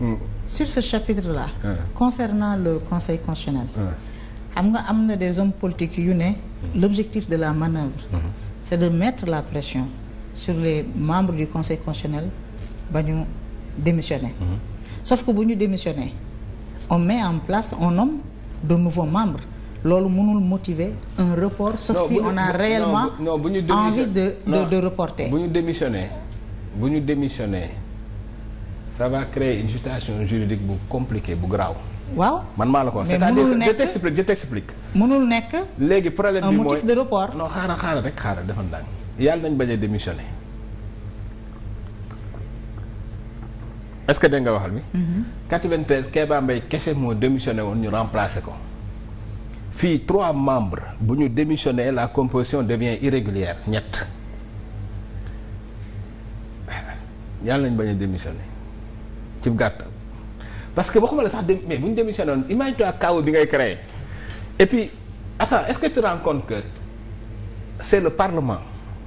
Mm. sur ce chapitre là ah. concernant le conseil constitutionnel ah. xam nga am na des hommes politiques yu ne mm. l'objectif de la manœuvre mm-hmm. c'est de mettre la pression sur les membres du conseil constitutionnel ba ñu démissionner mm-hmm. sauf que bu ñu démissionner on met en place on homme de nouveaux membres loolu mënul motiver un report sauf non, si on a réellement envie de, de reporter bu ñu démissionner bu ñu démissionner ça va créer une situation juridique bu compliquée bu graaw. waaw man maa la ko wax. c'est-à-dire je t'explique je t'explique. mënul nekk. léegi problème bi mooy un motif de report. non xaaral xaaral rek xaaral defal ndànk. yàlla nañ bañ a démissionné est-ce que dégg nga waxal bi 93 mhm. Kéba Mbaye kese moo démissionné woon ñu remplacé ko. fii trois membres bu ñu démissionné la composition devient irrégulière ñett yàlla nañ bañ a démissionné. ci gàtt parce que waxuma la sax dem mais bu ñu démissionnoon imagine toi kaw bi ngay créer et puis attends est-ce que tu te rends que c'est le parlement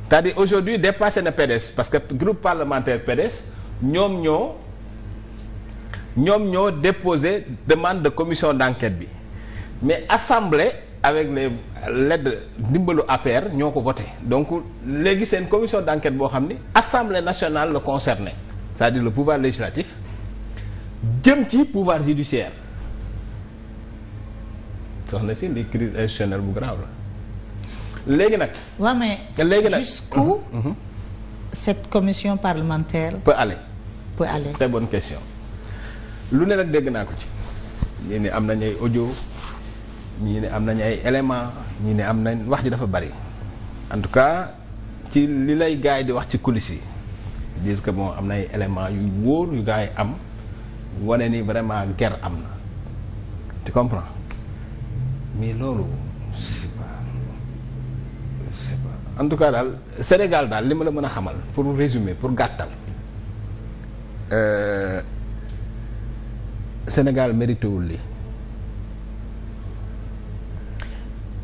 c'est-à-dire aujourd'hui dépassé na PDS parce que groupe parlementaire PDS ñoom ñoo ñoom ñoo déposé demande de commission d'enquête bi mais assemblée avec les l'aide ndimbalu APR ñoo ko voté donc léegi seen commission d'enquête boo xam ni assemblée nationale la concerné c'est-à-dire le jëm ci pouvoir judiciaire soxna si li crise institutionnelle bu grave la léegi nag. waaw mais léegi nag jusqu'où mhm, mhm. cette commission parlementaire. peut aller. peut aller très question. lu ne nag dégg naa ko ci. ñii ne am nañ ay audio ñii ne am nañ ay éléments ñu ne am nañ wax ji dafa bari en tout cas ci li lay gars yi di wax ci coulisses yi. disent que bon am na ay éléments yu wóor yu gars yi am. wane ni vraiment guerre am na tu comprends loolu en tout cas daal Sénégal daal li ma la mën a xamal pour résumer pour gàttal euh, Sénégal méritéwul li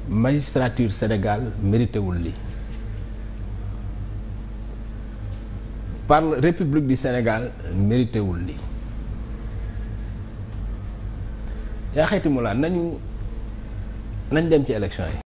magistrature Sénégal méritéwul li par république du Sénégal méritéwul li yaa xeeti mu laa nañu nañ dem ci élection yi